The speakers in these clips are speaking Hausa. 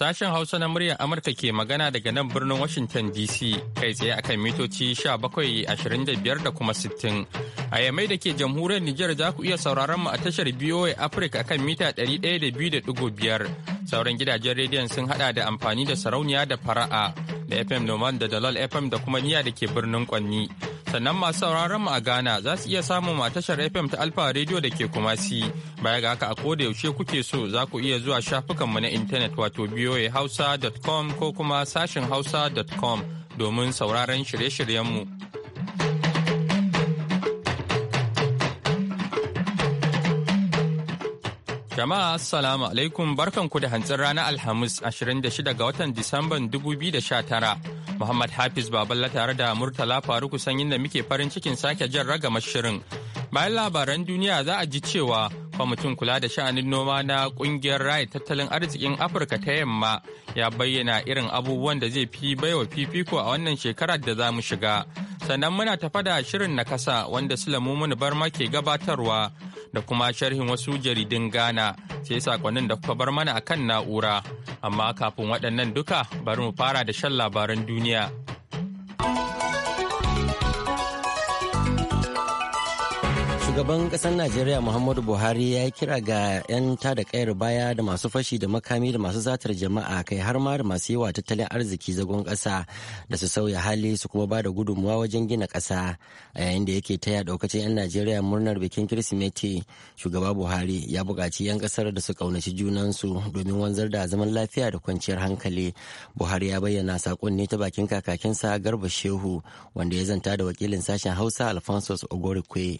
Sashen Hausa na muryar Amurka ke magana daga nan birnin Washington DC kai tsaye akan mitoci 1725 da kuma 60. A yamai da ke jamhuriyar Nijar za ku iya sauraron mu a tashar BOA Africa akan mita 102.5. Sauran gidajen rediyon sun hada da amfani da sarauniya da fara'a. da FM Noman da Dalal FM da kuma Niya da ke birnin Kwanni. Sannan masu sauraron mu a Ghana za su iya samun a tashar FM ta Alfa Radio da ke Kumasi. Baya ga haka a koda yaushe kuke so za ku iya zuwa shafukanmu na intanet wato voahausa.com ko kuma sashin hausa.com domin sauraron shirye-shiryenmu. Jama'a Assalamu alaikum ku da hantsin rana Alhamis 26 ga watan Disamban 2019. Muhammad Hafiz Baballa tare da Murtala Faruku sanyin da muke farin cikin sake jan ragamar shirin. Bayan labaran duniya za a ji cewa kwamitin kula da sha'anin noma na kungiyar raya tattalin arzikin Afirka ta yamma ya bayyana irin abubuwan da zai fi baiwa fifiko a wannan shekarar da za mu shiga. Sannan muna tafa da shirin na kasa wanda mun Bar ma ke gabatarwa. da kuma sharhin wasu jaridun Ghana sai sakonnin da kuka bar mana akan na'ura. Amma kafin waɗannan duka bari mu fara da shan labaran duniya. Shugaban ƙasar Najeriya Muhammadu Buhari ya yi kira ga 'yan tada kayar baya da masu fashi da makami da masu zatar jama'a kai har ma da masu yawa tattalin arziki zagon ƙasa da su sauya hali su kuma ba da gudunmuwa wajen gina ƙasa a yayin da yake taya ɗaukacin 'yan Najeriya murnar bikin Kirsimeti. Shugaba Buhari ya buƙaci 'yan ƙasar da su ƙaunaci junansu domin wanzar da zaman lafiya da kwanciyar hankali. Buhari ya bayyana saƙon ne ta bakin kakakinsa Garba Shehu wanda ya zanta da wakilin sashen Hausa Alphonsus Ogorikwe.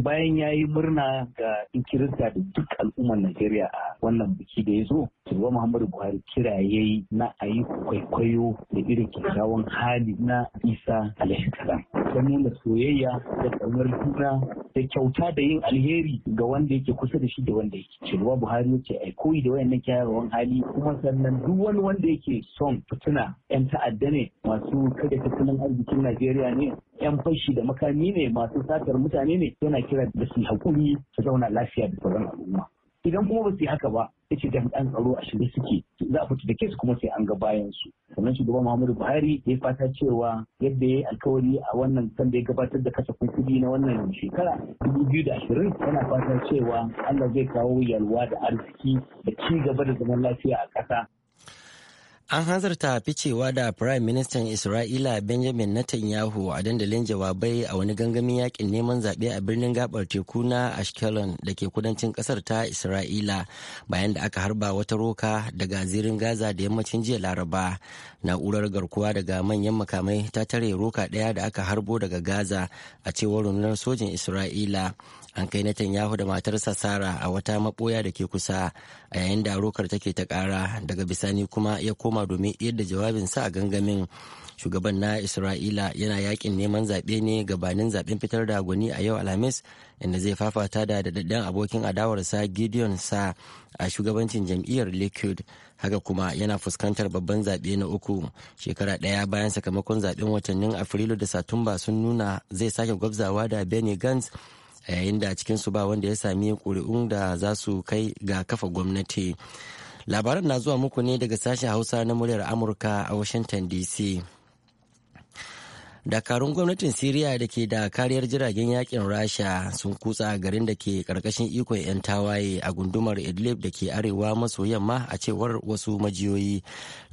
bayan ya yi murna ga ikirinta da duk al'ummar Najeriya a wannan biki da ya zo, Shugaba Muhammadu Buhari kira ya yi na a yi kwaikwayo da irin kyakkyawan hali na Isa alaihi Ta nuna soyayya da ƙaunar juna da kyauta da yin alheri ga wanda yake kusa da shi da wanda yake. Shugaba Buhari ya ce ai koyi da wayannan kyakkyawan hali kuma sannan duk wani wanda yake son fituna 'yan ta'adda ne masu kada fitinan arzikin Najeriya ne yan fashi da makami ne masu satar mutane ne yana kira da su hakuri su zauna lafiya da sauran al'umma idan kuma ba su yi haka ba ya ce jami'an tsaro a shirye suke za a fita da kes kuma sai an ga bayan su sannan shugaban muhammadu buhari ya fata cewa yadda ya yi alkawari a wannan sanda da ya gabatar da kasafin kuɗi na wannan shekara Dubu biyu da ashirin yana fata cewa allah zai kawo yalwa da arziki da ci gaba da zaman lafiya a ƙasa An hanzarta ficewa da Prime Ministan Isra'ila Benjamin Netanyahu a dandalin jawabai a wani gangamin yakin neman zaɓe a birnin gabar teku na Ashkelon da ke kudancin ƙasar ta Isra'ila bayan da aka harba wata roka daga zirin Gaza da yammacin jiya Laraba. Na'urar garkuwa daga manyan makamai ta tare roka ɗaya da aka harbo daga Gaza a cewar rundunar sojin Isra'ila. an kai Netanyahu da matarsa Sara a wata maboya da ke kusa a yayin da rokar take ta kara daga bisani kuma ya koma domin yadda jawabinsa a gangamin shugaban na Isra'ila yana yakin neman zaɓe ne gabanin zaɓen fitar da gwani a yau Alhamis inda zai fafata da daɗaɗɗen abokin adawarsa Gideon sa a shugabancin jam'iyyar Likud haka kuma yana fuskantar babban zaɓe na uku shekara ɗaya bayan sakamakon zaɓen watannin Afrilu da Satumba sun nuna zai sake gwabzawa da Benny Gantz Eh, a yayin da cikin cikinsu ba wanda ya sami ƙuri'un da za su kai ga kafa gwamnati labaran na zuwa muku ne daga sashen hausa na muryar amurka a washington dc dakarun gwamnatin siriya da ke da kariyar jiragen yakin rasha sun kutsa garin da ke karkashin ikon 'yan tawaye a gundumar idlib da ke arewa maso yamma a cewar wasu majiyoyi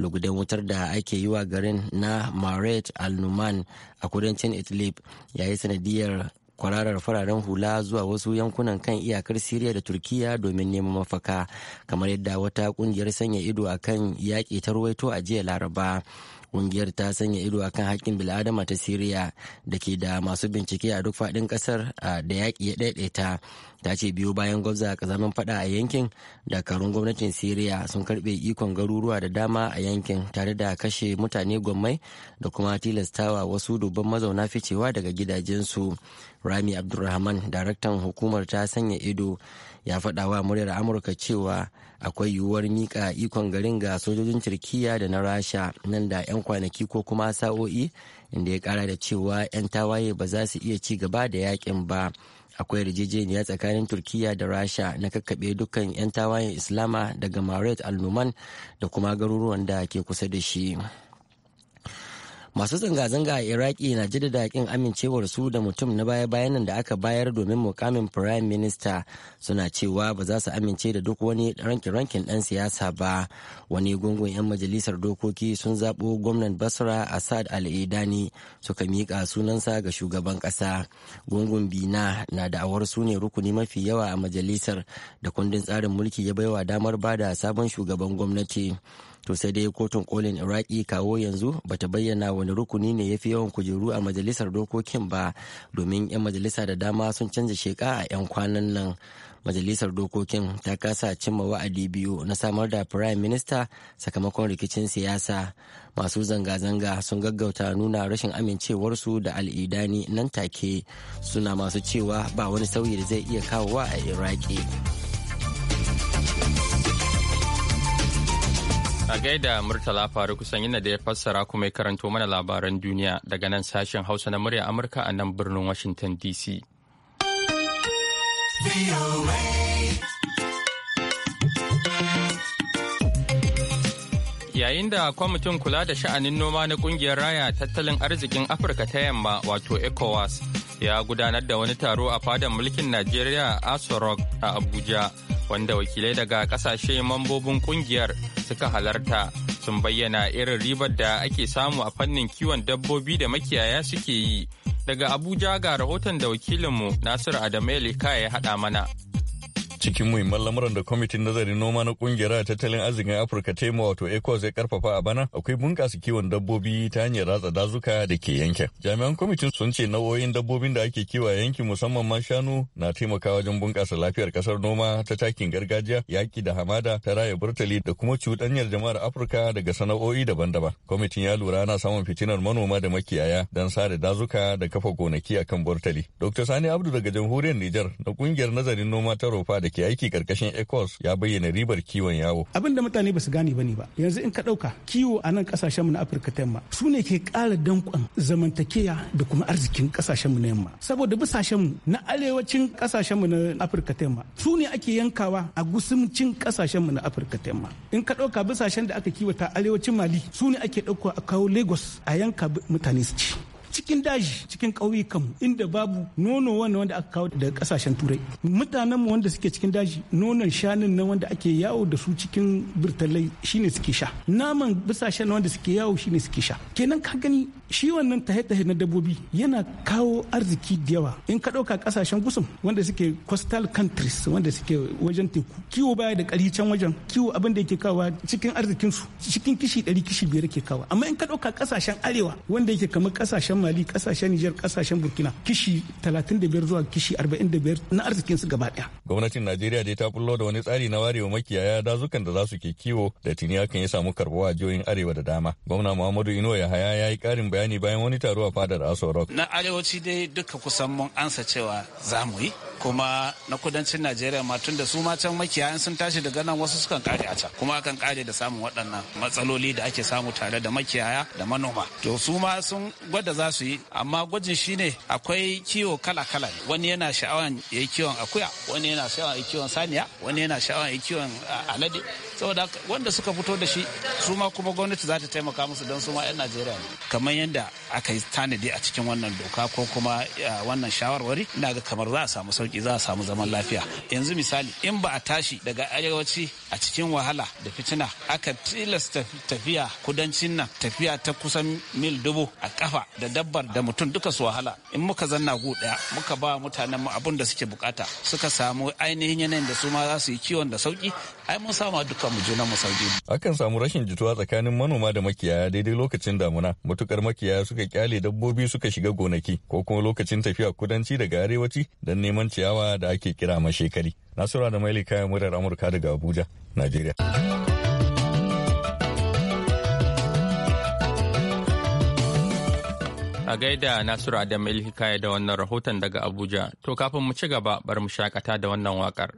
lugudan wutar da ake yi wa garin na maret al-numan a kudancin idlib yayi sanadiyar kwararar fararen hula zuwa wasu yankunan kan iyakar Siriya da Turkiya domin neman mafaka kamar yadda wata kungiyar sanya ido akan yaƙi ta ruwaito a jiya Laraba. Ƙungiyar ta sanya ido akan haƙƙin bil'adama ta Siriya da ke da masu bincike a duk faɗin ƙasar da yaƙi ya ɗaiɗaita. ta ce biyu bayan gwabza kazamin fada a yankin dakarun gwamnatin syria sun karbe ikon garuruwa da dama a yankin tare da kashe mutane gwammai da kuma tilastawa wasu dubban mazauna ficewa daga gidajensu rami abdulrahman daraktan hukumar ta sanya ido ya faɗa wa muryar amurka cewa akwai yiwuwar miƙa ikon garin ga sojojin turkiya da na rasha nan da 'yan kwanaki ko kuma sa'o'i inda ya kara da cewa 'yan tawaye ba za su iya ci gaba da yakin ba. akwai yarjejeniya tsakanin turkiya da rasha na kakkaɓe dukkan 'yan tawayen islama daga maret al da kuma garuruwan da ke kusa da shi. masu zanga-zanga a iraki na jaddada kin amincewar su da mutum na baya-bayan da aka bayar domin mukamin prime minister suna cewa ba za su amince da duk wani rankin-rankin dan siyasa ba wani gungun 'yan majalisar dokoki sun zaɓo gwamnan basra assad al-idani suka miƙa sunansa ga shugaban ƙasa gungun bina na da'awar su ne rukuni mafi yawa a majalisar da kundin tsarin mulki ya baiwa damar bada sabon shugaban gwamnati to sai dai kotun kolin iraki kawo yanzu bata bayyana wani rukuni ne ya fi yawan kujeru a majalisar dokokin ba domin 'yan majalisa da dama sun canza sheka a 'yan kwanan nan majalisar dokokin ta kasa cimma wa'adi biyu na samar da prime minister sakamakon rikicin siyasa masu zanga-zanga sun gaggauta nuna rashin amincewarsu da al'idani nan take suna masu cewa ba wani sauyi da zai iya kawowa a iraki. A gaida Murtala faru kusan yana da ya fassara kuma ya karanto mana labaran duniya daga nan sashen Hausa na murya Amurka a nan birnin Washington DC. Yayin da kwamitin kula da sha'anin noma na kungiyar raya tattalin arzikin Afirka ta yamma wato ECOWAS ya gudanar da wani taro a fadar mulkin Najeriya a Asorok a Abuja wanda wakilai daga kasashe mambobin kungiyar suka halarta sun bayyana irin ribar da ake samu a fannin kiwon dabbobi da makiyaya suke yi. Daga Abuja ga rahoton da wakilinmu Nasiru Adamu ya haɗa mana. Cikin muhimman lamuran da kwamitin nazarin noma na kungiyar tattalin arzikin Afirka tema wato Ecos ya karfafa a bana akwai bunƙasa kiwon dabbobi ta hanyar ratsa dazuka da ke yankin. Jami'an kwamitin sun ce nau'o'in dabbobin da ake kiwa yankin musamman ma shanu na taimakawa wajen bunƙasa lafiyar ƙasar noma ta takin gargajiya yaƙi da hamada ta raya burtali da kuma cuɗanyar jama'ar Afirka daga sana'o'i daban-daban. Kwamitin ya lura ana samun fitinar manoma da makiyaya don sare dazuka da kafa gonaki akan burtali. Dr. Sani Abdu daga jamhuriyar Nijar na kungiyar nazarin noma ta rofa da da ke aiki karkashin ecos ya bayyana ribar kiwon yawo abin da mutane ba su gane ne ba yanzu in ka dauka kiwo a nan kasashen mu na afirka ta yamma su ne ke kara dankon zamantakeya da kuma arzikin kasashen mu na yamma saboda bisashen mu na arewacin kasashen mu na afirka ta yamma su ne ake yankawa a gusumcin kasashen mu na afirka ta yamma in ka dauka bisashen da aka kiwata arewacin mali su ne ake dauko a kawo lagos a yanka mutane su ci cikin daji cikin ƙauyukan inda babu nono wanda wanda aka kawo daga ƙasashen turai mutanen wanda suke cikin daji nonon shanun nan wanda ake yawo da su cikin birtalai shine suke sha naman bisashen wanda suke yawo shine suke sha kenan ka gani shi wannan tahe-tahe na dabbobi yana kawo arziki da yawa in ka ɗauka ƙasashen gusum wanda suke coastal countries wanda suke wajen teku kiwo baya da ƙari can wajen kiwo abin da yake kawo cikin arzikinsu cikin kishi ɗari kishi biyar ke kawo amma in ka ɗauka ƙasashen arewa wanda yake kamar ƙasashen mali kasashen niger kasashen burkina kishi 35 zuwa kishi 45 na arzikin su gaba daya gwamnatin najeriya dai ta bullo da wani tsari na warewa makiyaya dazukan da za su ke kiwo da tuni hakan ya samu karbuwa a jihohin arewa da dama gwamna muhammadu ino ya haya ya yi karin bayani bayan wani taro a fadar aso rock na arewaci dai duka kusan mun ansa cewa za mu yi kuma na kudancin najeriya ma tunda da su ma can sun tashi daga nan wasu sukan kare a can kuma akan kare da samun waɗannan matsaloli da ake samu tare da makiyaya da manoma to su ma sun gwada za su yi amma gwajin shine akwai kiwo kala-kala ne wani yana sha'awan ya kiwon akuya wani yana sha'awan ya kiwon saniya wani yana sha'awan ya kiwon alade saboda wanda suka fito da shi su ma kuma gwamnati za ta taimaka musu don su ma 'yan najeriya ne kamar yadda aka yi tanadi a cikin wannan doka ko kuma wannan shawarwari ina ga kamar za a samu sauki sauki za a samu zaman lafiya yanzu misali in ba a tashi daga arewaci a cikin wahala da fitina aka tilasta tafiya kudancin nan tafiya ta kusan mil dubu a kafa da dabbar da mutum duka su wahala in muka zanna gu daya muka ba mutanen mu abin da suke bukata suka samu ainihin yanayin da su ma za su yi kiwon da sauki ai mun samu duka mu juna mu sauki akan samu rashin jituwa tsakanin manoma da makiyaya daidai lokacin damuna matukar makiyaya suka kyale dabbobi suka shiga gonaki ko kuma lokacin tafiya kudanci daga arewaci don neman ciyawa da ake kira mashekari. Nasura da Maili kayan murar Amurka daga Abuja, Najeriya. A gaida da maili Ilhikaya da wannan rahoton daga Abuja, to kafin mu ci gaba bar mu shakata da wannan wakar.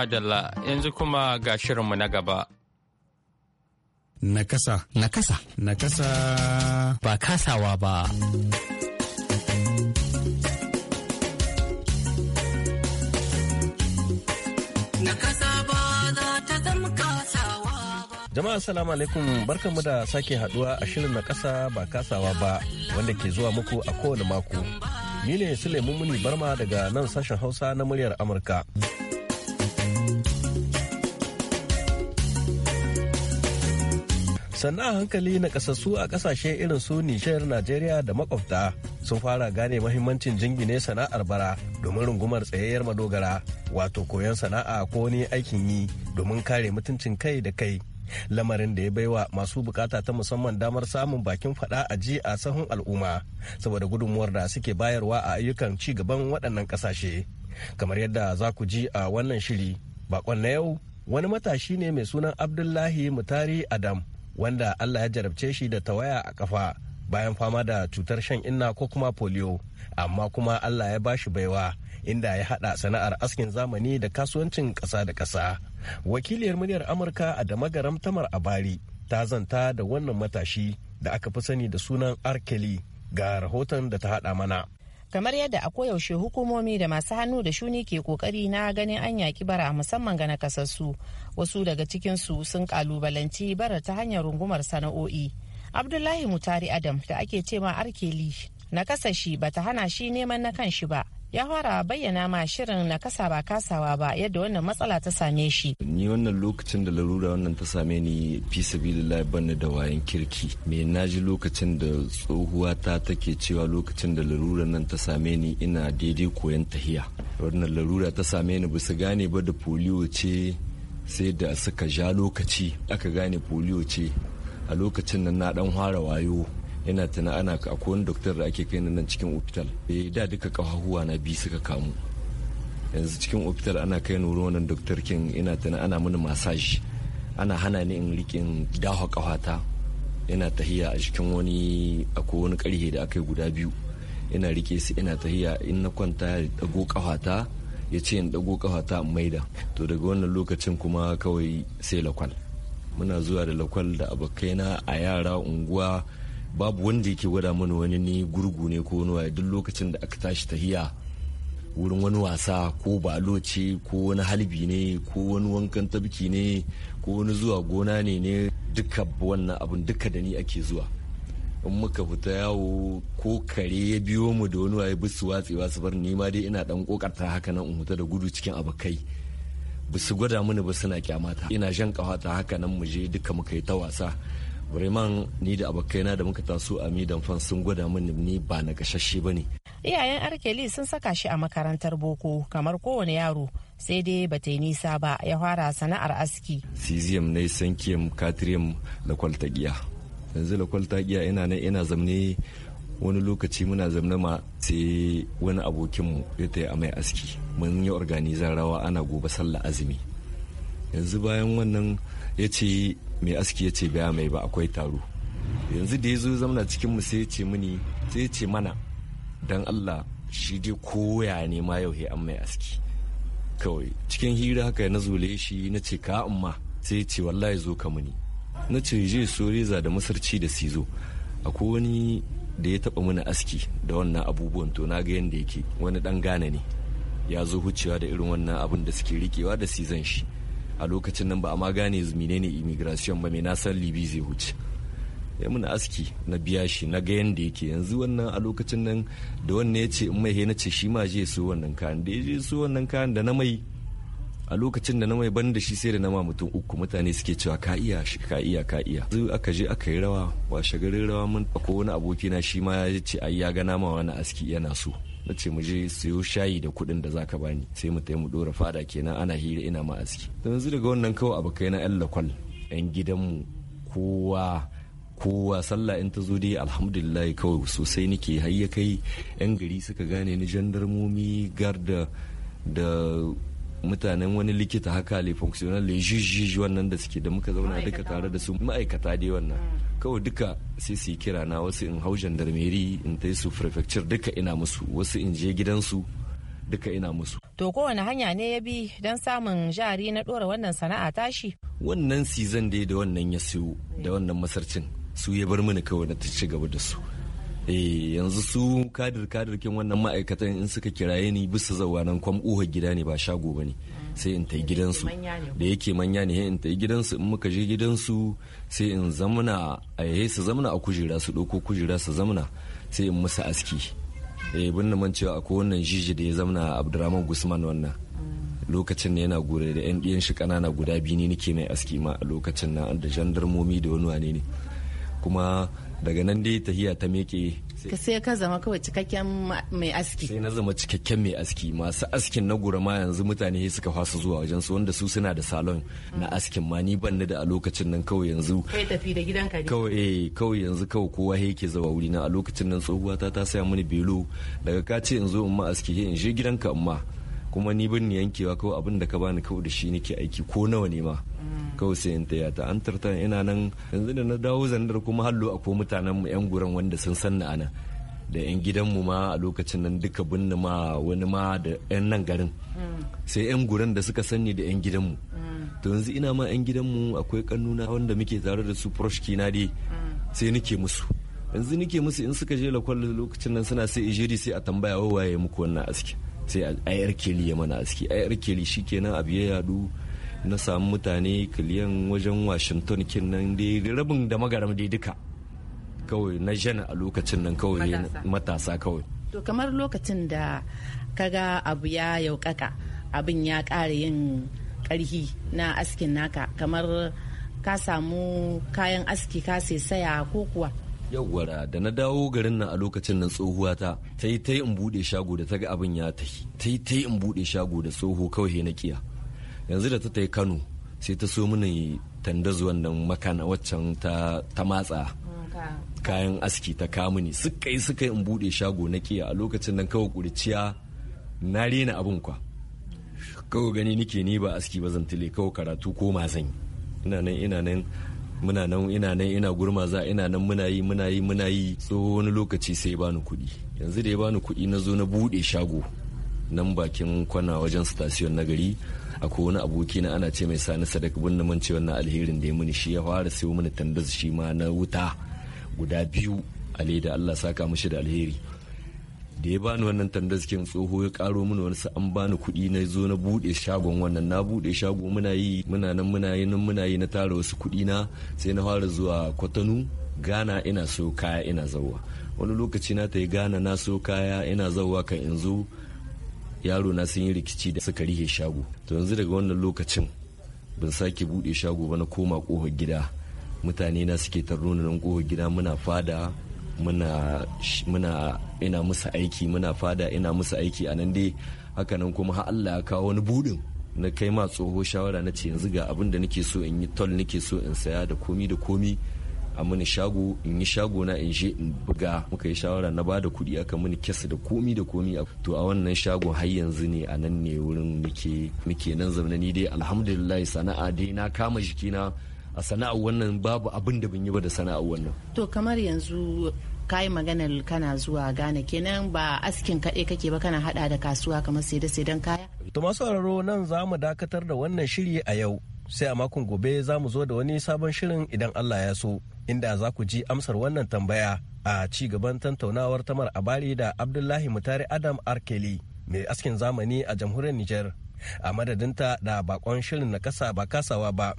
Madalla yanzu kuma ga shirinmu na gaba. Nakasa. Nakasa. Nakasa. Ba kasawa ba. Jama'a salamu alaikum barkanmu da sake haduwa a shirin na kasa ba kasawa ba wanda ke zuwa muku a kowane mako. Ni ne Suleiman Muni Barma daga nan sashen Hausa na muryar Amurka. sannan a hankali na kasassu a kasashe irin su nishiyar najeriya da makwabta sun fara gane mahimmancin jingine sana'ar bara domin rungumar tsayayyar madogara wato koyon sana'a ko ne aikin yi domin kare mutuncin kai da kai lamarin da ya baiwa masu bukata ta musamman damar samun bakin fada a ji a sahun al'umma saboda gudunmuwar da suke bayarwa a ayyukan ci gaban waɗannan kasashe kamar yadda za ku ji a wannan shiri bakon na yau wani matashi ne mai sunan abdullahi mutari adam wanda Allah ya jarabce shi da tawaya a kafa bayan fama da cutar shan inna ko kuma polio amma kuma Allah ya ba shi baiwa inda ya haɗa sana'ar askin zamani da kasuwancin ƙasa da ƙasa wakiliyar muryar Amurka a damagaram tamar abari ta zanta da wannan matashi da aka fi sani da sunan Arkeli ga rahoton da ta haɗa mana kamar yadda a koyaushe hukumomi da masu hannu da shuni ke kokari na ganin an yaki bara musamman ga nakasassu wasu daga cikinsu sun kalubalanci bara ta hanyar rungumar sana'o'i abdullahi mutari adam da ake cewa arkeli na kasashi ta hana shi neman na kan shi ba ya fara bayyana ma shirin na kasa ba kasawa ba yadda wannan matsala ta same shi. Ni wannan lokacin da larura wannan ta same ni fi sabilillah banni da wayan kirki. Me na ji lokacin da tsohuwa ta take cewa lokacin da larura nan ta same ni ina daidai koyan tahiya. Wannan larura ta same ni bisa gane ba da foliyo ce sai da suka ja lokaci aka gane foliyo ce a lokacin nan na dan fara wayo ina tana ana akwai wani doktor da ake kai nan cikin ofital eh, da duka kafahuwa na biyu suka kamu yanzu cikin ofital ana kai ni wurin wannan doktor kin ina tana ana mini masaji ana hana ni in rikin dawa kafata ina tahiya a cikin wani akwai wani karhe da aka yi guda biyu ina rike su ina tahiya in na kwanta ya dago kafata ya ce in dago kafata in maida to daga wannan lokacin kuma kawai sai lakwal muna zuwa da lakwal da abokaina a yara unguwa babu wanda yake gwada mana wani ni gurgu ne ko wani duk lokacin da aka tashi tahiya wurin wani wasa ko balo ce ko wani halbi ne ko wani wankan tabki ne ko wani zuwa gona ne ne duka wannan abun duka da ni ake zuwa in muka fita yawo ko kare ya biyo mu da wani waye bisu watsewa su bar ni ma dai ina dan kokarta haka nan in huta da gudu cikin abokai ba su gwada mana ba suna kyamata ina jan kawata haka nan mu je duka muka yi ta wasa breman ni da abokaina da muka taso a Midan Fan sun gwada min ni ba na gashashe ba ne. Iyayen Arkeli sun saka shi a makarantar boko kamar kowane yaro sai dai ba ta yi nisa ba ya fara sana'ar aski. Cesium ne sankiyam katriyam da kwaltagiya. Yanzu da kwaltagiya ina nan ina zamne wani lokaci muna zamne ma sai wani abokinmu ya ta yi a mai aski. Mun yi organizar rawa ana gobe sallah azumi. Yanzu bayan wannan ya ce mai aski ya ce baya mai ba akwai taro yanzu da ya zo zamana cikin mu sai ya ce mini sai ce mana dan Allah shi dai koya ne ma yau he an mai aski kawai cikin hira haka na zule shi na ce ka amma sai ya ce wallahi zo ka muni na ce je so reza da masarci da sizo akwai wani da ya taba mana aski da wannan abubuwan to na ga yadda yake wani dan gane ne ya zo hucewa da irin wannan abin da suke rikewa da zan shi a lokacin nan ba a ma gane menene immigration ba mai na libi zai wuce ya muna aski na biya shi na ga yanda yake yanzu wannan a lokacin nan da wannan ya ce in mai na ce shi ma je so wannan kayan da ya je so wannan kayan da na mai a lokacin da na mai ban da shi sai da na ma mutum uku mutane suke cewa ka iya ka iya ka iya zu aka je aka yi rawa washe garin rawa mun ko wani abokina shi ma ya ce ai ya ga nama wani aski yana so na ce mu je siyo shayi da kuɗin da zaka bani sai mu tayi mu dora fada kenan ana hira ina ma aski yanzu daga wannan kawai abokai na yan lakwal yan gidanmu kowa kowa sallah in ta zo dai alhamdulillah kawai sosai nake har kai yan gari suka gane ni jandarmomi garda da mutanen wani likita haka le functional le wannan da suke da muka zauna duka tare da su ma'aikata dai wannan mm. kawai duka sai su yi kira na wasu in hau jandarmeri in tai su prefecture duka ina musu wasu in je gidansu duka ina musu to kowane hanya ne ya bi don samun jari na dora wannan sana'a tashi wannan season dai da wannan ya siyo da wannan masarcin su ya bar mini kawai na ta ci gaba da su Eh, yanzu su kadir kadir kin wannan ma'aikatan in suka kiraye ni bisa zauwa nan kwam uha gida ne ba shago ba ne sai in tai gidansu da yake manya ne in tai gidansu in muka je gidansu sai in zamana a yayi su zamana a kujera su dauko kujera su zamana sai in musu aski eh binne man cewa akwai wannan jiji da ya zamana Abdurrahman Gusman wannan lokacin ne yana gure da yan diyan shi kanana guda biyu ne nake mai aski ma a lokacin nan da jandarmomi da wani wane ne kuma daga nan dai tahiya ta meke ka sai ka zama kawai cikakken mai aski sai na zama cikakken mai aski masu askin na ma yanzu mutane suka fasa zuwa wajen su wanda su suna da salon na askin ma ni ban da a lokacin nan kawai yanzu kai tafi da gidanka ne kawai eh kawai yanzu kawai kowa yake zawa wuri na a lokacin nan tsohuwa ta ta saya mini belo daga ka ce zo in ma aski in je gidanka in ma kuma ni bin yankewa kawai abin da ka bani kawai da shi nake aiki ko nawa ne ma mm. kawai sai in taya ta an tartan ina nan yanzu da na dawo zandar kuma hallo ko mutanen mu yan guran wanda sun sanna ana da yan gidanmu ma a lokacin nan duka binne ma wani ma da yan nan garin mm. sai yan guran da suka sani da yan gidanmu mm. to yanzu ina ma yan gidanmu akwai kannuna wanda muke tare da su proshki na dai sai nake musu yanzu nake musu in suka je lakwal lokacin nan suna sai ijiri sai a tambaya wawaye muku wannan aski sai a yar keli ya mana aski a yar keli kenan abu ya yadu na samu mutane kiliyan wajen washington kin nan rabin da magaram dai duka kawai na jana a lokacin nan kawai matasa kawai to kamar lokacin da kaga abu ya yaukaka abin ya ƙara yin ƙarhi na askin naka kamar ka samu kayan aski ka sai saya ko kuwa yawwara da na dawo garin nan a lokacin nan tsohuwa ta ta yi ta yi in bude shago da ta ga abin ya tahi ta yi ta yi in bude shago da tsoho kawai na kiya yanzu da ta ta yi kano sai ta so mini tanda zuwan nan makana waccan ta matsa kayan aski ta kamuni suka yi suka yi in bude shago na kiya a lokacin nan kawai kuriciya na rena abin kwa kawai gani nike ni ba aski ba zan tile kawai karatu ko ma zan ina nan ina nan muna nan ina nan ina gurmaza ina nan muna yi muna yi muna yi tsoho wani lokaci sai bani kuɗi yanzu da ya bani kuɗi na zo na buɗe shago nan bakin kwana wajen station na gari akwai wani aboki na ana ce mai sani sadaka bin man ce wannan alherin da ya muni shi ya fara sayo mini tandas shi ma na wuta guda biyu a da Allah saka mishi da alheri da ya bani wannan tandaskin tsoho ya karo mana wani an bani kuɗi na zo na buɗe shagon wannan na buɗe shago muna yi muna nan muna yi nan muna yi na tara wasu kuɗi na sai na fara zuwa kwatanu gana ina so kaya ina zauwa wani lokaci na ta yi gana na so kaya ina zauwa kan in zo yaro na sun yi rikici da suka rihe shago to yanzu daga wannan lokacin ban sake buɗe shago ba na koma ƙofar gida mutane na suke tarro nan ƙofar gida muna fada muna ina musu aiki muna fada ina musu aiki a nan dai hakanan kuma har Allah ya kawo wani budin na kai ma tsoho shawara na ce yanzu ga abin da nake so in yi tol nake so in saya da komi da komi a mini shago in yi shago na in je in buga muka yi shawara na bada kuɗi aka mini kesa da komi da komi to a wannan shago har yanzu ne a nan ne wurin nike nan zamna ni dai alhamdulillah sana'a dai na kama jikina a sana'ar wannan babu abin da bin yi ba da sana'ar wannan to kamar yanzu kayi maganar kana zuwa Ghana kenan ba askin kaɗai kake ba kana hada da kasuwa kamar sai da saidan kaya. To masu sauraro nan za mu dakatar da wannan shiri a yau sai a makon gobe za mu zo da wani sabon shirin idan Allah ya so inda za ku ji amsar wannan tambaya a ci gaban tantaunawar tamar abari da Abdullahi Mutare Adam Arkeli mai askin zamani a jamhuriyar niger a madadinta da bakon shirin na kasa ba kasawa ba.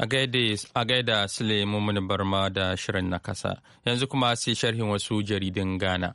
a gaida sule mumun barma da shirin na kasa yanzu kuma sai sharhin wasu jaridun ghana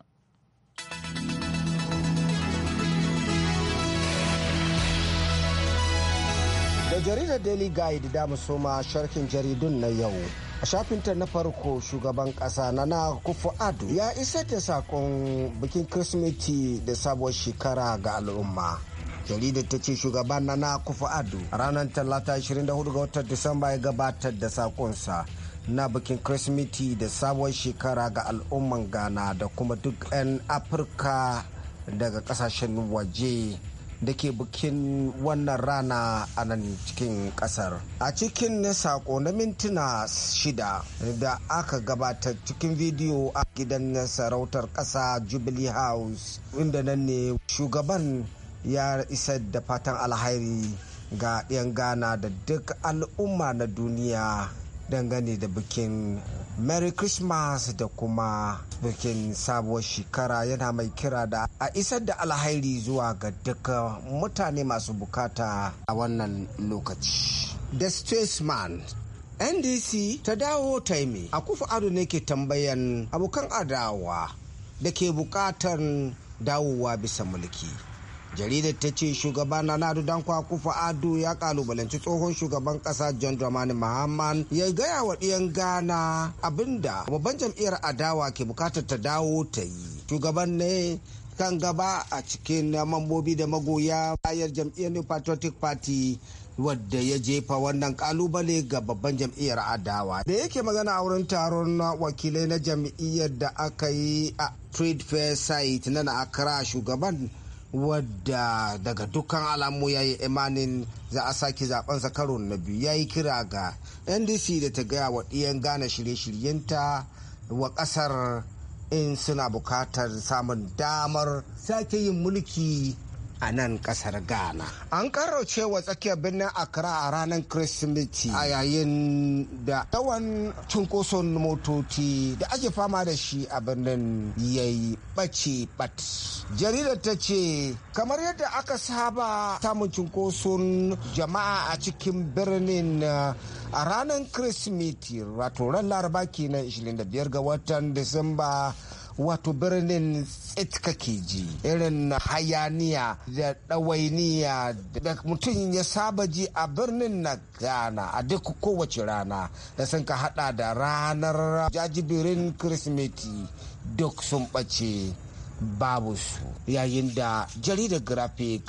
da jaridar daily guide da soma sharhin jaridun na yau a shafinta na farko shugaban kasa na na kufu ado ya isa ta sakon bikin kirsimeti da sabuwar shekara ga al'umma jaridar ta ce shugaban nana kufa ado ranar talata 24 ga watan disamba ya gabatar da sakonsa na bikin kirsimeti da sabuwar shekara ga al'umman ghana da kuma duk 'yan afirka daga kasashen waje da ke bikin wannan rana a nan cikin kasar a cikin sako na mintuna shida da aka gabatar cikin bidiyo a gidan sarautar kasa jubilee house inda nan ne shugaban ya isar da fatan alhairi ga 'yan ghana da duk al'umma na duniya dangane da bikin merry christmas da kuma bikin sabuwar shekara yana mai kira da a isar da alhairi zuwa ga duk mutane masu bukata a wannan lokaci the statesman ndc ta dawo taimi a kufa ado ne ke tambayan abokan adawa da ke bukatar dawowa bisa mulki jaridar ta ce shugaban nana dan kwakufa ado ya kalubalanci tsohon shugaban kasa john dramani mahamman ya gaya wa ɗiyan ghana abinda babban jam'iyyar adawa ke bukatar ta dawo ta yi shugaban ne kan gaba a cikin mambobi da magoya bayan jam'iyyar new patriotic party wadda ya jefa wannan kalubale ga babban jam'iyyar adawa da yake magana a wurin taron wakilai na jam'iyyar da aka yi a trade fair site na na shugaban wadda daga dukkan alamu ya yi imanin za a sake zaben karo na biyu ya yi kira ga ndc da ta gaya wa ɗiyan gane shirye-shiryenta wa ƙasar in suna bukatar samun damar sake yin mulki a nan kasar ghana an karauce wa tsakiyar birnin accra a ranar kirsimeti a yayin da tawan cunkoson motoci da ake fama da shi a birnin ya yi ɓace bat jaridar ta ce kamar yadda aka saba samun cunkoson jama'a a cikin birnin a ranar kirsimeti wato ran laraba kenan 25 ga watan disamba wato birnin tsit kake ji irin hayaniya da ɗawainiya da mutum ya saba ji a birnin na ghana a duk kowace rana da sun ka hada da ranar jajibirin kirsimeti duk sun ɓace babu su yayin da jaridar graphic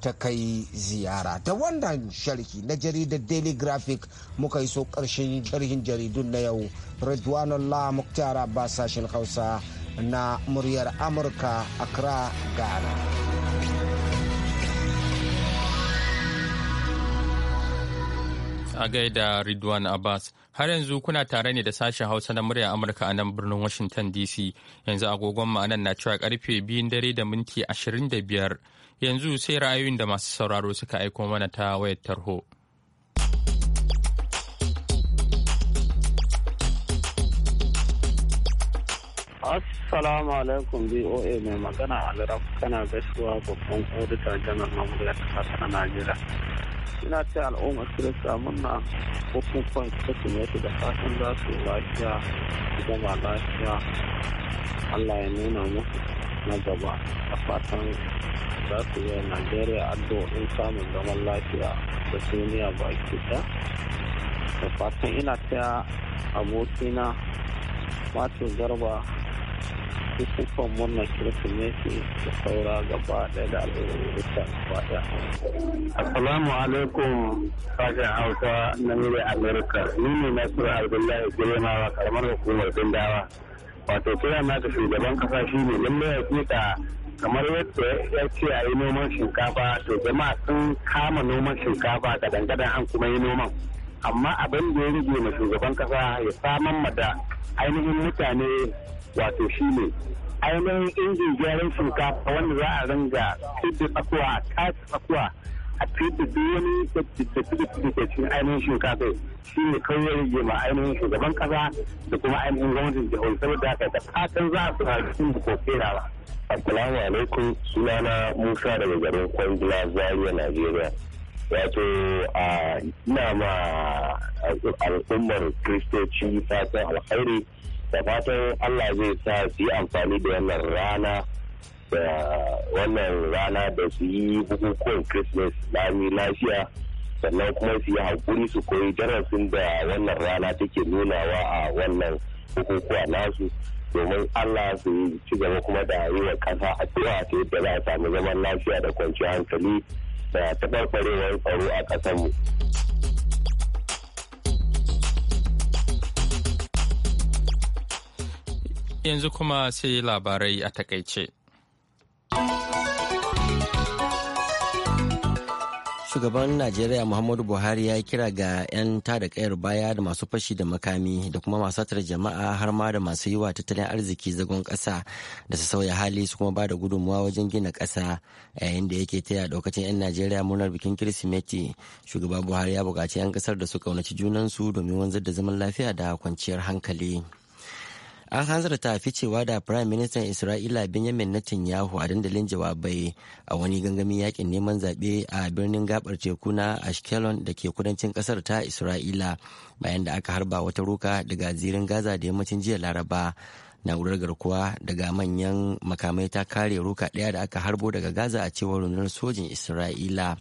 ta kai ziyara ta wannan sharhi na jaridar daily graphic muka so karshen sharhin jaridun na yau redwanullah muktara ba sashen hausa na muryar Amurka Accra, Ghana. A gaida Ridwan Abbas, har yanzu kuna tare ne da sashen Hausa na muryar Amurka a nan birnin Washington DC. Yanzu agogon ma'anan na cewa karfe biyun dare da minti 25. Yanzu sai ra'ayoyin da masu sauraro suka aiko mana ta wayar tarho. Assalamu alaikum BOA mai magana Alraf kana gaisuwa babban auditor janar na mulkar ta Najeriya. Ina ce al'umma Kirista muna hukunkun Kirsimeti da fatan za su lafiya su gama lafiya. Allah ya nuna mu na gaba a fatan za su yi Najeriya addu'o'in samun zaman lafiya da duniya baki ɗaya. Da fatan ina ta abokina Mato Garba bukukuwan wannan kirsimeti da saura gaba ɗaya da al'ummarta gaba ɗaya. Assalamu alaikum sashen Hausa na Mire Amerika. Ni ne Nasiru Abdullahi Giremawa karamar hukumar Bindawa. Wato kira na ta shugaban kasa shi ne lallai ya fita kamar yadda ya ce a yi noman shinkafa to jama'a sun kama noman shinkafa da dangadan an kuma yi noman. Amma abin da ya rige ma shugaban kasa ya saman mata ainihin mutane wato shine ainihin injin gyaran shinkafa wanda za a ringa fidda tsakuwa a kasa tsakuwa a fidda duk wani da ke cikin ainihin shinkafa shi ne kawai rage ma ainihin shugaban kasa da kuma ainihin gwamnatin da saboda haka da fatan za su suna sun da ba. Assalamu alaikum sunana Musa daga garin Kwangila Zaria Najeriya. Wato a ina ma al'ummar Kiristoci fatan alkhairi da fatan Allah zai sa su yi amfani da wannan rana da wannan rana da su yi bukukuwan Christmas lami lafiya sannan kuma su yi haƙuri su koyi darasin da wannan rana take nunawa a wannan bukukuwa nasu domin Allah su ci gaba kuma da yi wa ƙasa addu'a ta yadda za a sami zaman lafiya da kwanciyar hankali da taɓarɓarewar tsaro a ƙasarmu. mu. yanzu kuma sai labarai a takaice. Shugaban Najeriya Muhammadu Buhari ya yi kira ga 'yan tada kayar baya da masu fashi da makami da kuma masu satar jama'a har ma da masu yiwa tattalin arziki zagon kasa da su sauya hali su kuma ba da gudunmuwa wajen gina ƙasa yayin da yake taya daukacin 'yan Najeriya murnar bikin Kirsimeti. Shugaba Buhari ya buƙaci 'yan ƙasar da su ƙaunaci junansu domin wanzar da zaman lafiya da kwanciyar hankali. an hanzarta ficewa da prime minister isra'ila benjamin netanyahu a dandalin jawabai a wani gangamin yakin neman zaɓe a birnin gabar teku na ashkelon da ke kudancin ƙasar ta isra'ila bayan da aka harba wata roka daga zirin gaza da yammacin jiya laraba na'urar garkuwa daga manyan makamai ta kare roka ɗaya da aka harbo daga gaza a cewar rundunar sojin isra'ila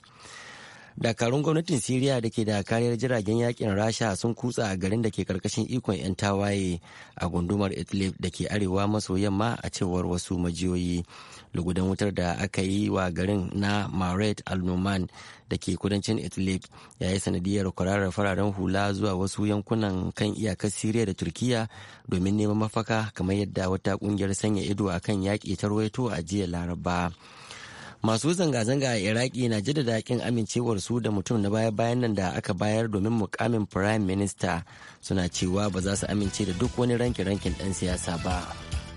dakarun gwamnatin siriya da ke da kariyar jiragen yakin rasha sun kutsa a garin da ke karkashin ikon 'yan tawaye a gundumar idlib da ke arewa maso yamma a cewar wasu majiyoyi lugudan wutar da aka yi wa garin na maret al-numan da ke kudancin idlib ya yi sanadiyar kwararar fararen hula zuwa wasu yankunan kan iyakar siriya da turkiya domin neman mafaka kamar yadda wata kungiyar sanya ido a kan yaƙi ta a jiya laraba. masu zanga-zanga a iraki na jaddada yakin amincewar su da mutum na baya-bayan nan da aka bayar domin mukamin prime minister suna cewa ba za su amince da duk wani rankin-rankin dan siyasa ba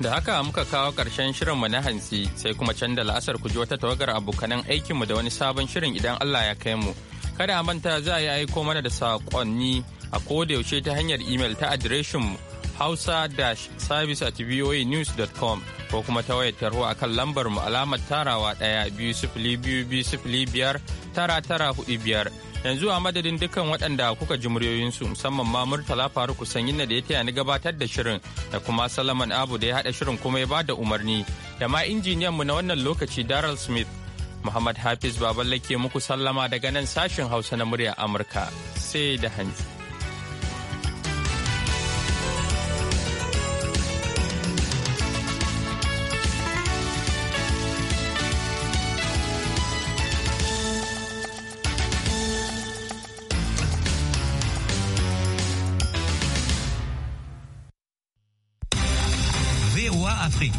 da haka muka kawo ƙarshen mu na hansi sai kuma can da la'asar ku ji wata tawagar abokanan aikinmu da wani sabon shirin idan allah ya kai mu kada a manta za a yi aiko mana da saƙonni a koda yaushe ta hanyar imel ta adireshinmu hausa-service at voanews.com ko kuma ta wayar tarho a kan lambar mu alamar tarawa ɗaya biyu sifili biyu biyu sifili biyar tara tara hudu biyar yanzu a madadin dukkan waɗanda kuka ji muryoyinsu musamman ma murtala faruku yin da ya taya ni gabatar da shirin da kuma salaman abu da ya haɗa shirin kuma ya bada umarni da ma injiniyan mu na wannan lokaci daryl smith muhammad hafiz baballe ke muku sallama daga nan sashen hausa na murya amurka sai da hanzu.